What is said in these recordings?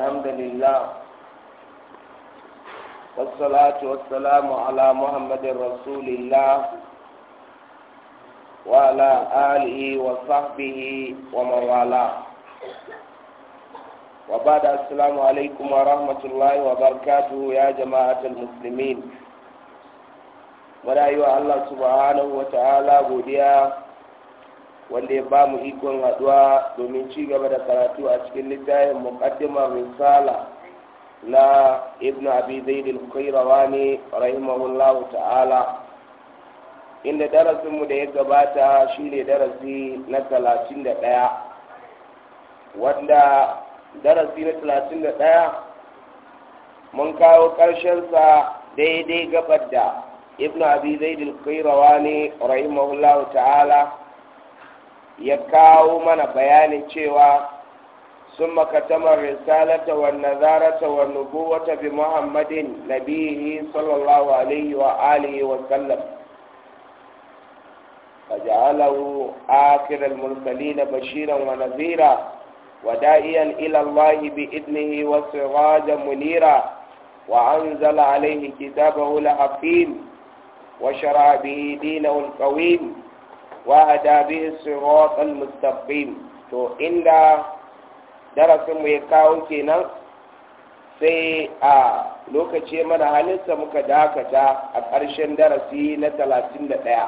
الحمد لله والصلاة والسلام على محمد رسول الله وعلى آله وصحبه ومن والاه وبعد السلام عليكم ورحمة الله وبركاته يا جماعة المسلمين muna yi wa Allah subhanahu wa ta'ala godiya wanda ya ba mu ikon haɗuwa domin ci gaba da karatu a cikin littafin muqaddimar risala na ibn abi zaid al-qayrawani rahimahullah ta'ala inda darasin mu da ya gabata shine darasi na 31 wanda darasi na 31 mun kawo ƙarshen sa daidai gabar da ibn abi zaid al-qayrawani rahimahullah ta'ala ya kawo mana bayanin cewa sun makatamar risalata wa nazarata wa nubuwata bi muhammadin nabihi sallallahu alaihi wa alihi wa sallam فجعله آخر المرسلين بشيرا ونذيرا وداعيا إلى الله بإذنه وسراجا منيرا وأنزل عليه كتابه الحكيم وشرع به دينه وهدى به الصراط المستقيم to inda darasin mu ya kawo kenan sai a lokaci mana halinsa muka dakata a ƙarshen darasi na talatin da ɗaya.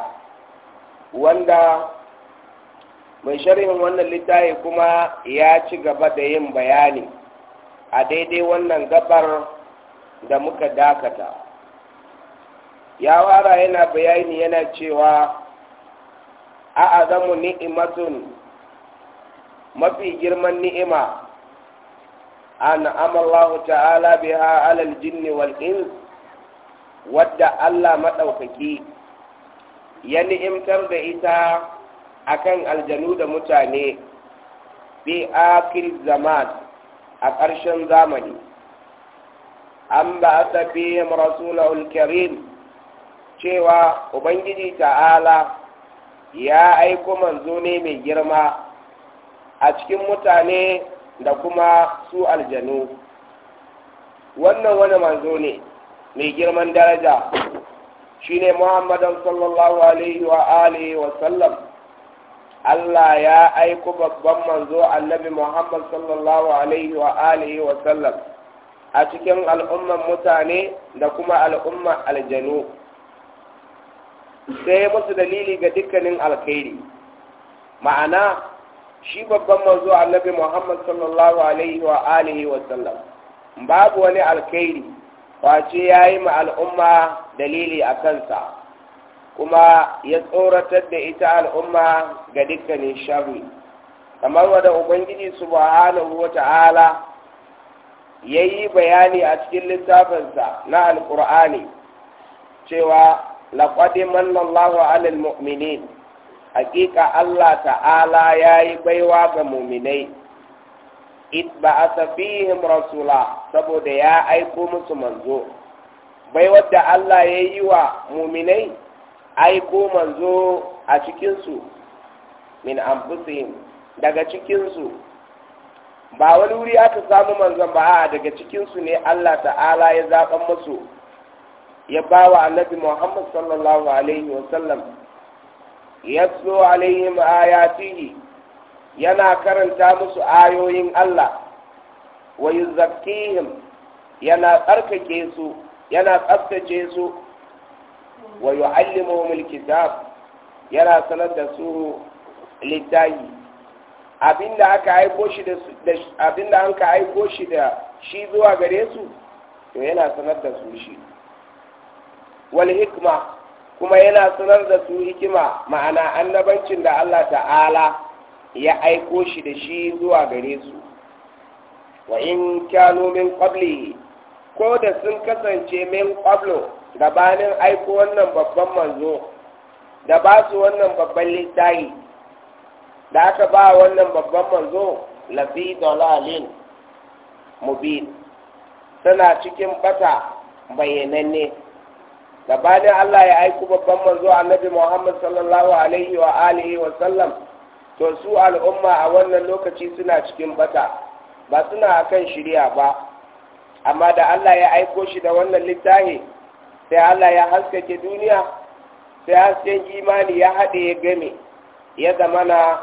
wanda mai sharhin wannan littafi kuma ya ci gaba da yin bayani a daidai wannan gabar da muka dakata ya wara yana bayani yana cewa a azamu ni'imatun mafi girman ni'ima an amallahu ta'ala biha ala aljinni wal ins wadda Allah maɗaukaki ya ni'imtar da ita akan aljanu da mutane bi akil zaman a ƙarshen zamani an ba a rasulahul karim cewa ubangiji ta'ala ya aiko manzo ne mai girma a cikin mutane da kuma su aljanu wannan wani manzo ne mai girman daraja ne muhammadan sallallahu alaihi wa alihi wa sallam Allah ya aiko babban manzo annabi Muhammad sallallahu alaihi wa alihi wa sallam a cikin al'umman mutane da kuma al'umman aljanu sai musu dalili ga dukkanin alkhairi ma'ana shi babban manzo annabi Muhammad sallallahu alaihi wa alihi wa sallam babu wani alkhairi wace yayi ma al'umma dalili a kansa kuma ya tsoratar da ita al'umma ga dukkanin sharri kamar wanda ubangiji subhanahu wa ta'ala yayi bayani a cikin littafinsa na alqur'ani cewa laqad manna Allahu 'alal mu'minin hakika Allah ta'ala Ya yi baiwa ga mu'minai it id ba'atha fihim rasula saboda ya aiko musu manzo bai wadda Allah ya yi wa mu'minai aiko manzo a cikinsu min anfusihim daga cikinsu ba wani wuri aka samu manzon ba a daga cikinsu ne Allah ta'ala ya zaɓan musu ya ba wa annabi Muhammad sallallahu alaihi wasallam yatlu alaihim ayatihi yana karanta musu ayoyin Allah wa yuzakkihim yana tsarkake su yana tsaftace su wa yuallimuhum alkitab yana sanar da su littafi abinda aka aiko shi da abinda an ka aiko shi da shi zuwa gare su to yana sanar da su shi wal hikma kuma yana sanar da su hikima ma'ana annabancin da Allah ta'ala ya aiko shi da shi zuwa gare su wa in kyano min qabli ko da sun kasance min qablo gabanin aiko wannan babban manzo da ba su wannan babban littafi da aka ba wannan babban manzo lafi dalalin mubin suna cikin bata bayyananne gabanin Allah ya aiko babban manzo annabi Muhammad sallallahu alaihi wa alihi wa sallam to su al'umma a wannan lokaci suna cikin bata ba suna akan shirya ba amma da Allah ya aiko shi da wannan littafi sai Allah ya haskake duniya sai hasken imani ya haɗe ya game ya zamana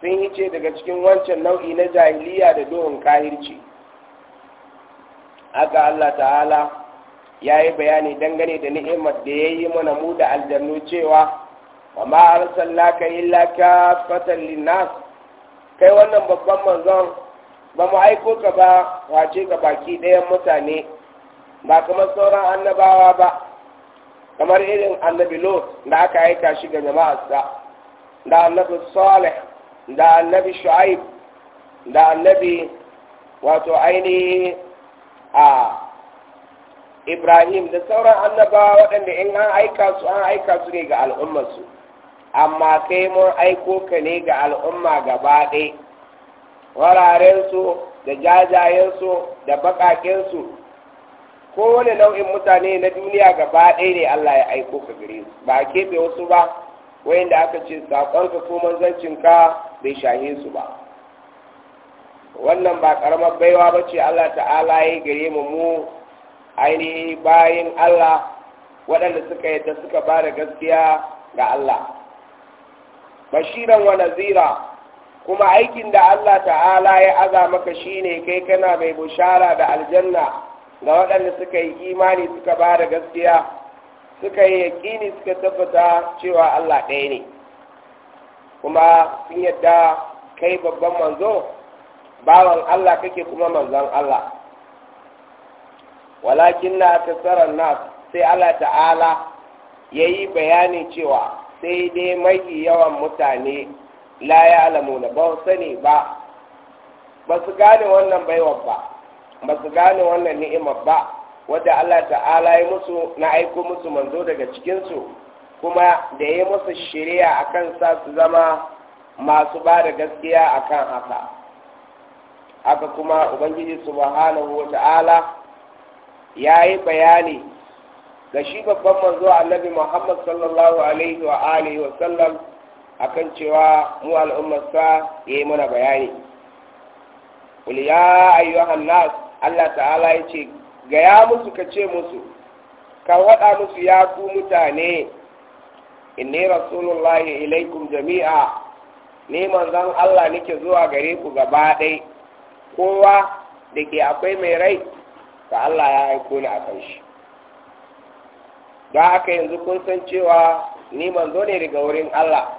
sun hice daga cikin wancan nau'i na jahiliya da dohun kahirci Haka Allah ta'ala ya yi bayani dangane da ni'imar da ya yi mana mu da aljannu cewa wa ma yi laka fatan linnas kai wannan babban manzon ba mu aiko ka ba wace ga baki ɗayan mutane ba kamar sauran annabawa ba kamar irin annabi lot da aka aika shi ga jama'arsa da annabi salih da annabi shu'aib da annabi wato ainihi a ibrahim da sauran annabawa waɗanda in an aika su an aika su ne ga al'ummarsu amma kai mun aiko ka ne ga al'umma gaba ɗaya wararensu da jajayensu da baƙaƙensu kowane nau'in mutane na duniya gaba ɗaya ne allah ya aiko ka gare su ba a keɓe wasu ba wayanda aka ce saƙonka ko manzancinka bai shahe su ba wannan ba ƙaramar baiwa ba ce allah ta'ala ya gare mu mu ainihi bayin Allah waɗanda suka yadda suka ba da gaskiya ga Allah bashiran wa nazira kuma aikin da Allah ta'ala ya aza maka shi ne kai kana mai bushara da aljanna ga waɗanda suka yi imani suka ba da gaskiya suka yi yaƙini suka tabbata cewa Allah ɗaya ne kuma sun yadda kai babban manzo bawan Allah kake kuma manzon Allah walakin na tasarar nas sai Allah ta'ala ya yi bayani cewa sai dai mafi yawan mutane la ya alamu na ba sani ba ba su gane wannan baiwar ba ba su gane wannan ni'imar ba wadda Allah ta'ala ya musu na aiko musu manzo daga cikinsu kuma da ya musu shirya a kan sa su zama masu ba da gaskiya a kan haka haka kuma ubangiji subhanahu wa ta'ala ya yi bayani ga shi babban manzo annabi muhammad sallallahu alaihi wa alihi wa sallam akan cewa mu al'ummarsa ya yi mana bayani kul ya ayyuhan nas Allah ta'ala ya ce gaya musu ka ce musu ka waɗa musu ya ku mutane inni rasulullahi ilaikum jami'a ne manzan Allah nake zuwa gare ku gaba ɗai kowa da ke akwai mai rai Da Allah ya aiko ni a kan shi don haka yanzu kun san cewa ni manzo ne daga wurin Allah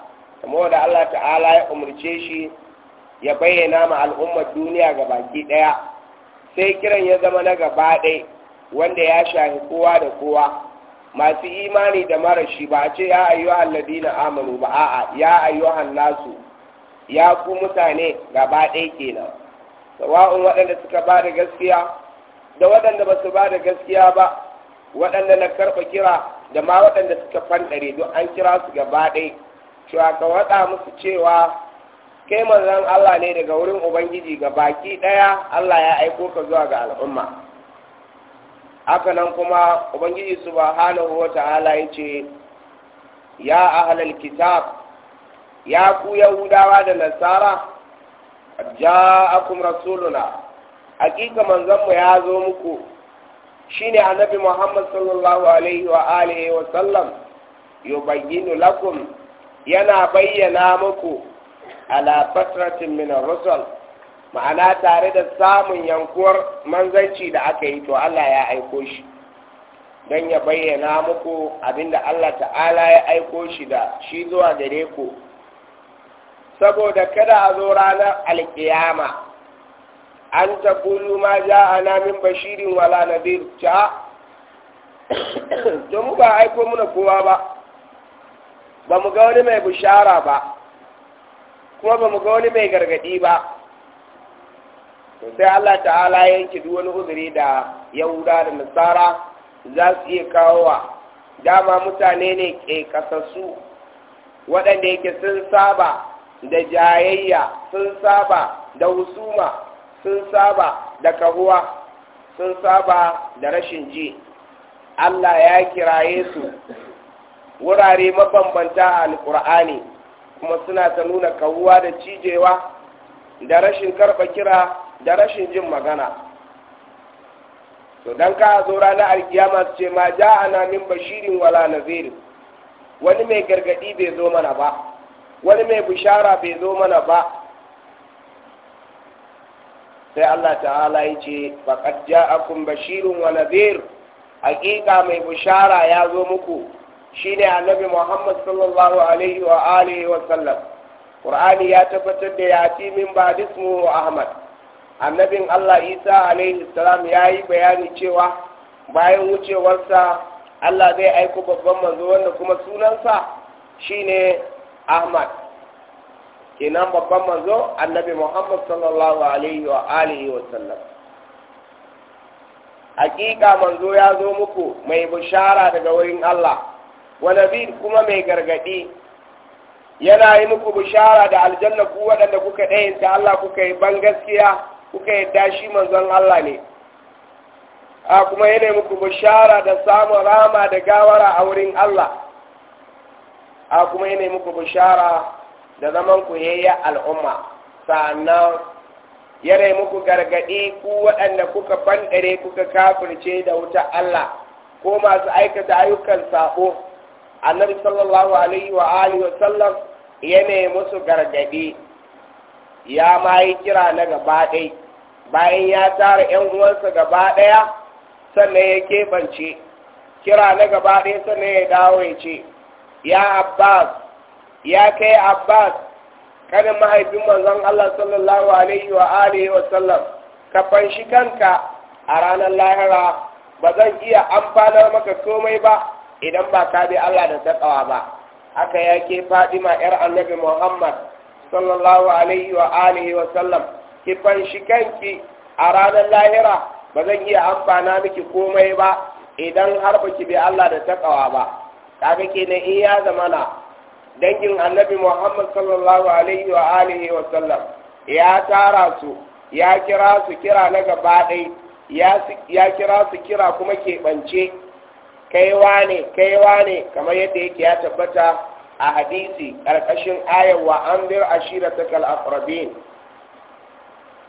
kuma da Allah ta'ala ya umarce shi ya bayyana ma al'ummar duniya ga baki ɗaya sai kiran ya zama na gaba ɗai wanda ya shahi kowa da kowa masu imani da mara shi ba a ce ya ayyu alladina amanu ba a'a ya ayyu nasu ya ku mutane gaba ɗaya kenan sawa'un waɗanda suka ba da gaskiya da waɗanda ba su ba da gaskiya ba waɗanda na karɓa kira da ma waɗanda suka fanɗare don an kira su gaba ɗaya cewa ka waɗa musu cewa kai manzan Allah ne daga wurin Ubangiji ga baki ɗaya Allah ya aiko ka zuwa ga al'umma haka nan kuma Ubangiji su subhanahu wata ta'ala ya ce ya ahlal kitab ya ku yahudawa da nasara ja'akum rasuluna hakika manzanmu ya zo muku shine annabi Muhammad sallallahu alaihi wa alihi wa sallam yubayyinu lakum yana bayyana muku ala fatratin min ar-rusul ma'ana tare da samun yankuwar manzanci da aka yi to Allah ya aiko shi don ya bayyana muku abinda Allah ta'ala ya aiko shi da shi zuwa gare ku saboda kada a zo ranar alkiyama an ta kulu ma ja ana min bashirin wala nadir ca don ba aiko muna kowa ba ba mu ga wani mai bishara ba kuma ba mu ga wani mai gargadi ba sai Allah ta'ala yanke duk wani uzuri da yahuda da nasara za su iya kawowa dama mutane ne ke kasassu waɗanda yake sun saba da jayayya sun saba da husuma sun saba da kahuwa sun saba da rashin ji Allah ya kiraye su wurare mabambanta a alƙur'ani kuma suna ta nuna kahuwa da cijewa da rashin karba kira da rashin jin magana to dan ka zo ranar alkiyama su ce ma ja'ana min bashirin wala nazirin wani mai gargadi bai zo mana ba wani mai bishara bai zo mana ba sai Allah ta'ala ya ce a ja'akum bashirun wa nadhir haƙiƙa mai bishara ya zo muku shine annabi Muhammad sallallahu alaihi wa alihi wa sallam Qur'ani ya tabbatar da ya ci min ba dismu Ahmad annabin Allah Isa alaihi salam yi bayani cewa bayan wucewarsa Allah zai aiko babban manzo wanda kuma sunansa shine Ahmad kenan babban manzo annabi Muhammad sallallahu alaihi wa alihi wa sallam hakika manzo ya zo muku mai bishara daga wurin Allah wa nabi kuma mai gargadi yana yi muku bishara da aljanna ku waɗanda kuka ɗayin ta Allah kuka yi ban gaskiya kuka yadda shi manzon Allah ne a kuma yana muku bishara da samun rama da gawara a wurin Allah a kuma yana muku bishara da zaman ku yayya al'umma sannan ya muku gargaɗi ku waɗanda kuka bandare kuka kafirce da wuta Allah ko masu aikata ayyukan sabo annabi sallallahu alaihi wa alihi wa sallam ya ne musu gargaɗi ya ma yi kira na gaba ɗai bayan ya tara 'yan uwansa gaba ɗaya sannan ya keɓance kira na gaba ɗaya sannan ya dawo ya ce ya abbas ya kai abbas kada mahaifin manzon Allah sallallahu alaihi wa alihi wa sallam ka fanshi kanka a ranar lahira ba zan iya amfanar maka komai ba idan ba ka bi Allah da takawa ba haka ya ke Fadima yar Annabi Muhammad sallallahu alaihi wa alihi wa sallam ki fanshi kanki a ranar lahira ba zan iya amfana miki komai ba idan har ba ki bi Allah da takawa ba kaga kenan in ya zamana dangin annabi Muhammad sallallahu alaihi wa alihi wa sallam ya tara su ya kira su kira na gaba ɗai ya kira su kira kuma keɓance kaiwa ne kaiwa ne kamar yadda yake ya tabbata a hadisi ƙarƙashin ayawa an bir ashira ta kal'afrabin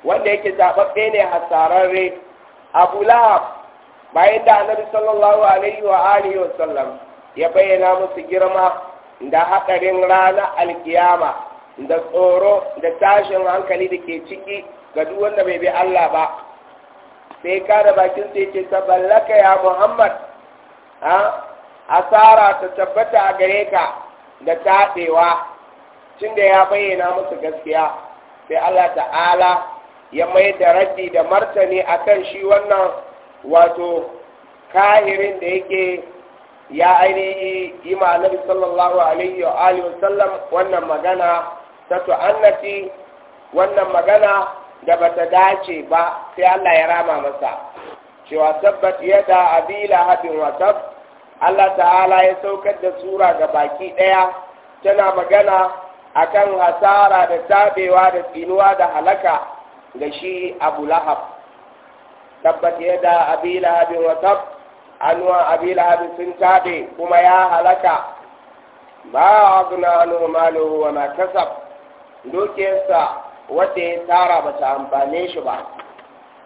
wanda yake zaɓaɓɓe ne hasararre abu lahab bayan da annabi sallallahu alaihi wa alihi wa sallam ya bayyana musu girma da haɗarin rana alkiyama da tsoro da tashin hankali da ke ciki ga duk wanda bai bi Allah ba sai ka da bakin sai ce taballaka ya Muhammad ha asara ta tabbata a gare ka da taɗewa tun da ya bayyana musu gaskiya sai Allah ta'ala ya mai da raddi da martani akan shi wannan wato kahirin da yake ya ainihi yi ma annabi sallallahu alaihi wa alihi wa sallam wannan magana ta tu'annati wannan magana da bata dace ba sai Allah ya rama masa cewa tabbat yada abila lahabin wa tab Allah ta'ala ya saukar da sura ga baki daya tana magana akan hasara da tabewa da tsinuwa da halaka ga shi Abu Lahab tabbat yada abila lahabin wa tab anuwa abi lahabi sun tabe kuma ya halaka ba a guna anu wa ma kasab dukiyarsa ya tara ba ta amfane shi ba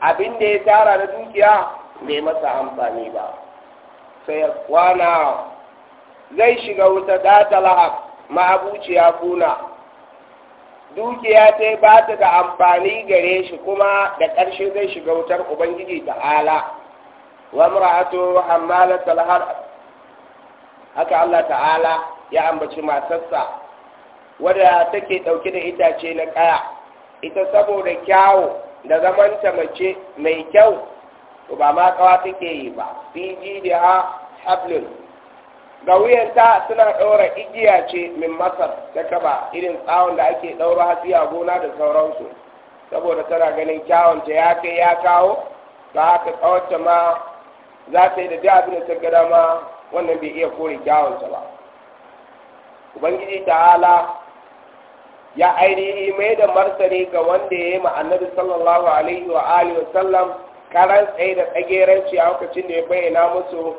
abin da ya tara na dukiya bai masa amfani ba sai kwana zai shiga wuta data lahab ma'abuciya kuna dukiya ta ba ta da amfani gare shi kuma da ƙarshe zai shiga wutar ubangiji ala. wa mar'atu hammalat al-harab haka Allah ta'ala ya ambaci matarsa wadda take dauke da itace na kaya ita saboda kyawu da zamanta mace mai kyau to ba ma kawa take yi ba ji da ha hablin ga wuyanta suna ɗaura igiya ce min masar ta kaba irin tsawon da ake ɗaura hatsi a gona da sauransu saboda tana ganin kyawunta ya kai ya kawo ba haka tsawonta ma za ta yi da duk abin da ta ga dama wannan bai iya kore kyawunsa ba ubangiji ta'ala ya ainihi mai da martani ga wanda ya yi ma'annabi sallallahu alaihi wa alihi wa sallam karan tsaye da tsageranci a lokacin da ya bayyana musu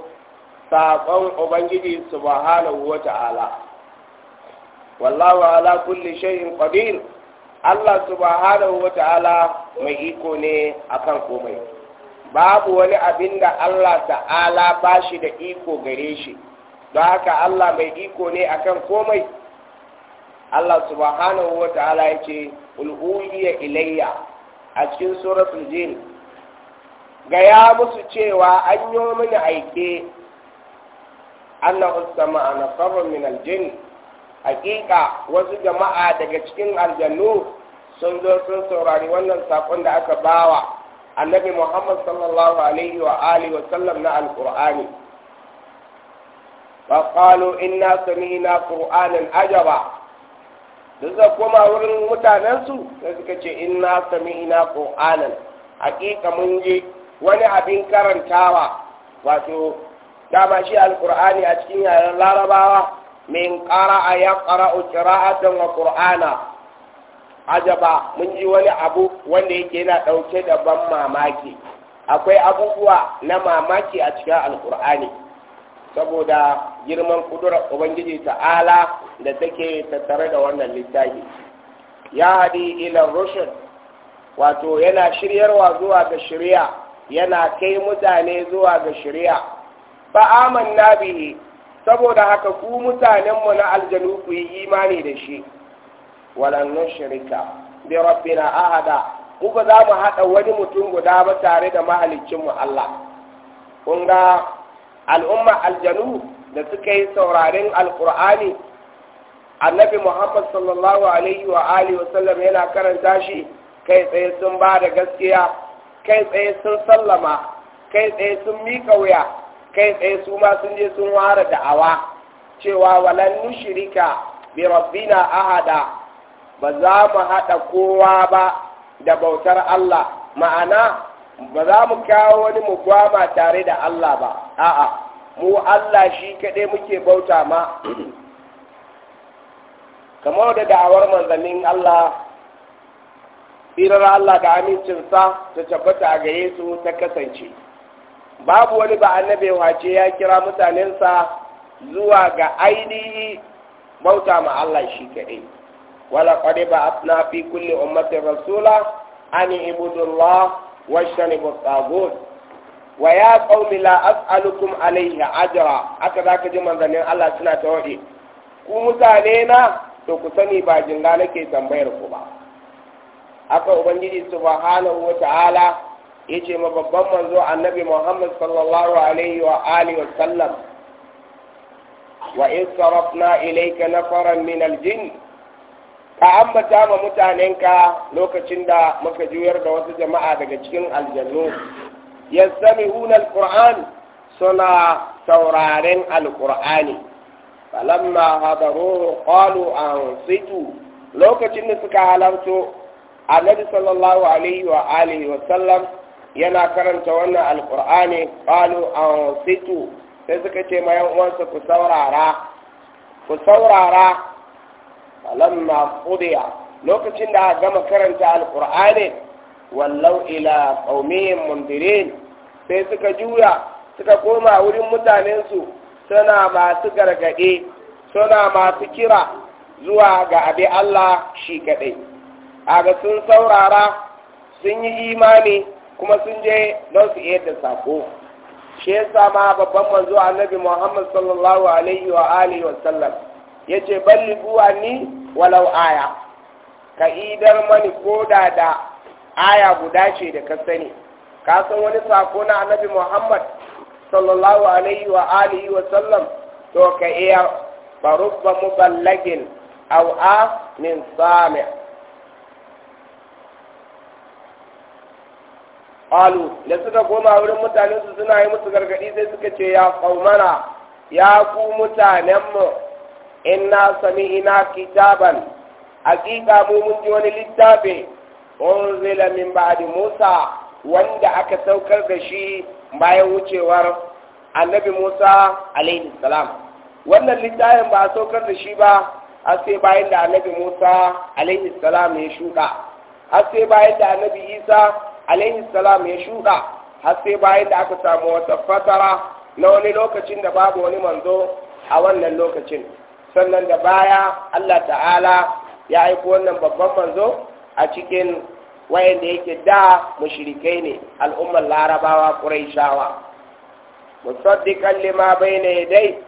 saƙon ubangiji subhanahu wa ta'ala wallahu ala kulli shay'in qadir Allah subhanahu wa ta'ala mai iko ne akan komai babu wani abin da Allah ta'ala ba shi da iko gare shi don haka Allah mai iko ne akan komai Allah subhanahu wa ta'ala ya ce ilayya a cikin suratul jin gaya musu cewa an yi mini aike annahu a nasarun min aljin hakika wasu jama'a daga cikin aljannu sun zo sun saurari wannan sakon da aka bawa annabi muhammad sallallahu alaihi wa alihi wa sallam na alqur'ani fa qalu inna sami'na qur'anan ajaba duk da koma wurin mutanensu da suka ce inna sami'na qur'anan hakika mun ji wani abin karantawa wato dama shi alqur'ani a cikin yaren larabawa min qara'a yaqra'u qira'atan wa qur'ana ajaba mun ji wani abu wanda yake yana ɗauke da ban mamaki akwai abubuwa na mamaki a cikin alkur'ani saboda girman kudura ubangiji ta'ala da take tattare da wannan littafi ya haɗi ilan rushin wato yana shiryarwa zuwa ga shirya yana kai mutane zuwa ga shirya fa'aman nabihi saboda haka ku mutanenmu na aljanu ku yi imani da shi walan nushrika bi rabbina ahada mu ba za mu haɗa wani mutum guda ba tare da mahaliccinmu Allah kun ga al'umma aljanu da suka yi sauraren alƙur'ani annabi muhammad sallallahu alaihi wa alihi wa sallam yana karanta shi kai tsaye sun ba da gaskiya kai tsaye sun sallama kai tsaye sun miƙa wuya kai tsaye su ma sun je sun ware da'awa cewa walan nushrika bi rabbina ahada ba za mu haɗa kowa ba da bautar Allah ma'ana ba za mu kawo wani mu kwama tare da Allah ba a'a mu Allah shi kaɗai muke bauta ma kamar da da'awar manzannin Allah firar Allah da amincinsa ta tabbata a gare su ta kasance babu wani ba annabe wace ya kira mutanensa zuwa ga ainihi bauta ma Allah shi kaɗai Wala kuma ba za ta na fi kulle ummatir da sula? An yi maibu da ruwa, wani Wa ya za ku iya zauna la'as al'adun Alayyu a ajara? da ka ji mazan yin Allah suna ta waje. Ku mutane na? To ku sani ba jinga na ke ku ba. Aka abin gidi su ma'aala Umar Ta'ala ya ce ma babban manzo a nabi Muhammad Sallwa alayyu wa'aliyu Salatu. Wa in sarrafna ila ka na farar minal jini? ka ambata ma mutanenka lokacin da muka juyar da wasu jama'a daga cikin aljannu yastami'una alquran suna sauraren alqur'ani falamma hadaru qalu ansitu lokacin da suka halarto annabi sallallahu alaihi wa alihi wa sallam yana karanta wannan alqur'ani qalu ansitu sai suka ce ma yan uwansa ku saurara ku saurara falamma qudiya lokacin da aka gama karanta alqur'ani wallau ila qaumihim mundirin sai suka juya suka koma wurin mutanensu suna masu gargade, suna masu kira zuwa ga abi Allah shi kaɗai aga sun saurara sun yi imani kuma sun je don su iya da sako shi yasa ma babban manzo annabi Muhammad sallallahu alaihi wa alihi wa sallam ya ce balli ni walau aya ka idar mani koda da aya guda ce da ka sani ka san wani sako na annabi muhammad sallallahu alaihi wa alihi wa sallam to ka iya farubba muballagin au a min sami alu da suka koma wurin mutanen su suna yi musu gargadi sai suka ce ya kaumana ya ku mutanenmu inna ina kitaban hakika mu mun ji wani littafi unzila min ba'di Musa wanda aka saukar da shi bayan wucewar annabi Musa alaihi salam wannan littafin ba a saukar da shi ba har sai bayan da annabi Musa alaihi salam ya shuka har sai bayan da annabi Isa alaihi salam ya shuka har sai bayan da aka samu wata fatara na wani lokacin da babu wani manzo a wannan lokacin sannan da baya Allah ta'ala ya aiko wannan babban manzo a cikin wayanda yake da mushrikai ne al'ummar larabawa quraishawa musaddiqan lima bayna yadai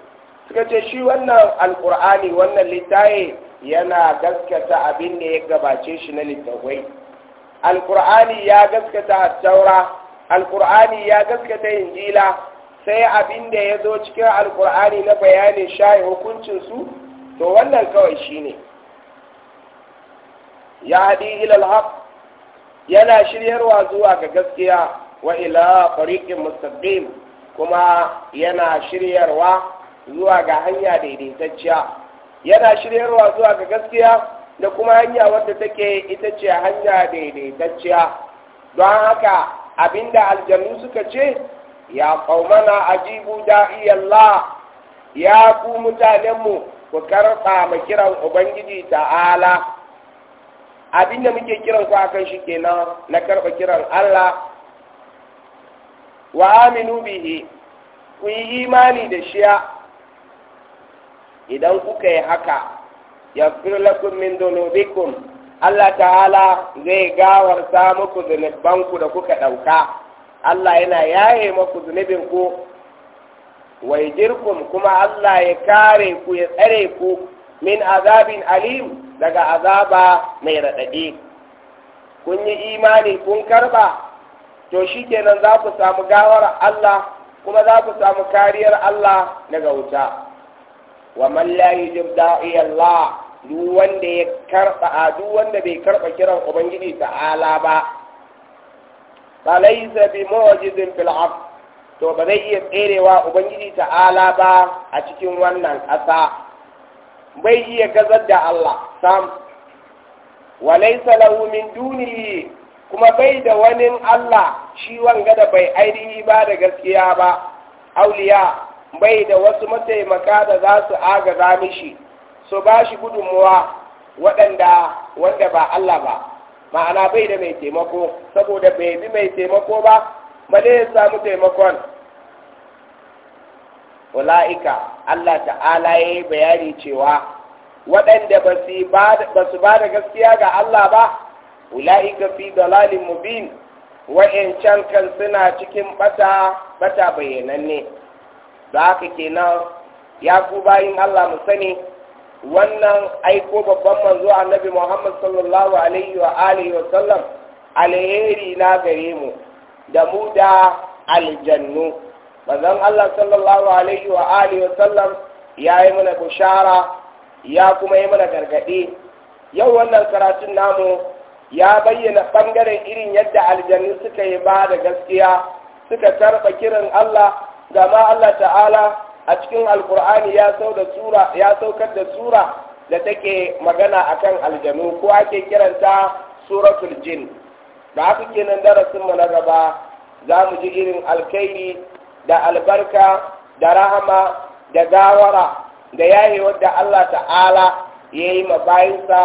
suka ce shi wannan alqur'ani wannan littaye yana gaskata abin da ya gabace shi na littafai alqur'ani ya gaskata taura alqur'ani ya gaskata injila sai abin da ya zo cikin alkur'ani na bayanin shayi hukuncinsu to wannan kawai shi ne ya haɗi ilal yana shiryarwa zuwa ga gaskiya wa ila fariƙin musabbin kuma yana shiryarwa zuwa ga hanya daidaitacciya yana shiryarwa zuwa ga gaskiya da kuma hanya wadda take ita ce hanya daidaitacciya don haka abinda Aljannu suka ce ya qaumana ajibu da'i Allah ya ku mutanenmu ku karfa ma kiran ubangiji ta'ala abinda muke kiran ku akan shi kenan na karba kiran Allah wa aminu bihi ku yi imani da shi. idan kuka yi haka ya lakum min dunubikum Allah ta'ala zai gawarta muku ku da kuka ɗauka Allah yana yaye maku zunubin ku Wai jirkum kuma Allah ya kare ku ya tsare ku min azabin alim daga azaba mai raɗaɗi kun yi imani kun karba to shikenan za ku samu gawar Allah kuma za ku samu kariyar Allah daga wuta wa man la yujib da'i Allah duk wanda ya karba duk wanda bai karɓa kiran ubangiji ta'ala ba falaisa bi mu'jizin fil ard to ba zai iya tserewa ubangiji ta'ala ba a cikin wannan ƙasa bai iya gazar da Allah sam walaisa lahu min dunihi kuma bai da wani Allah shi wanga da bai ainihi ba da gaskiya ba auliya bai da wasu mataimaka da za su agaza mishi su ba shi gudunmuwa waɗanda wanda ba Allah ba ma'ana bai da mai taimako saboda bai bi mai taimako ba dai ya samu taimakon Wala'ika Allah ta'ala ya yi bayani cewa waɗanda ba su ba da gaskiya ga Allah ba wala'ika fi dalalin mubin wa'yancan kan suna cikin bata bata bayyananne ba haka kenan ya ku bayin Allah mu sani wannan aiko babban manzo annabi Muhammad sallallahu alaihi wa alihi wa sallam alheri na gare mu da mu da aljannu manzon Allah sallallahu alaihi wa alihi wa sallam ya yi mana bushara ya kuma yi mana gargaɗe yau wannan karatun namu ya bayyana ɓangaren irin yadda aljannu suka yi ba da gaskiya suka tarba kiran Allah gama Allah ta'ala a cikin alkur'ani ya sau da sura saukar da sura da take magana akan aljanu ko ake kiranta suratul jin da haka kenan darasin mu na gaba za mu ji irin alkairi da albarka da rahama da gawara da yayi wadda Allah ta'ala ya yi ma mabayinsa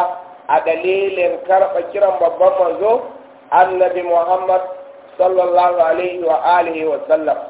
a dalilin karɓa kiran babban manzo annabi Muhammad sallallahu alaihi wa alihi wa sallam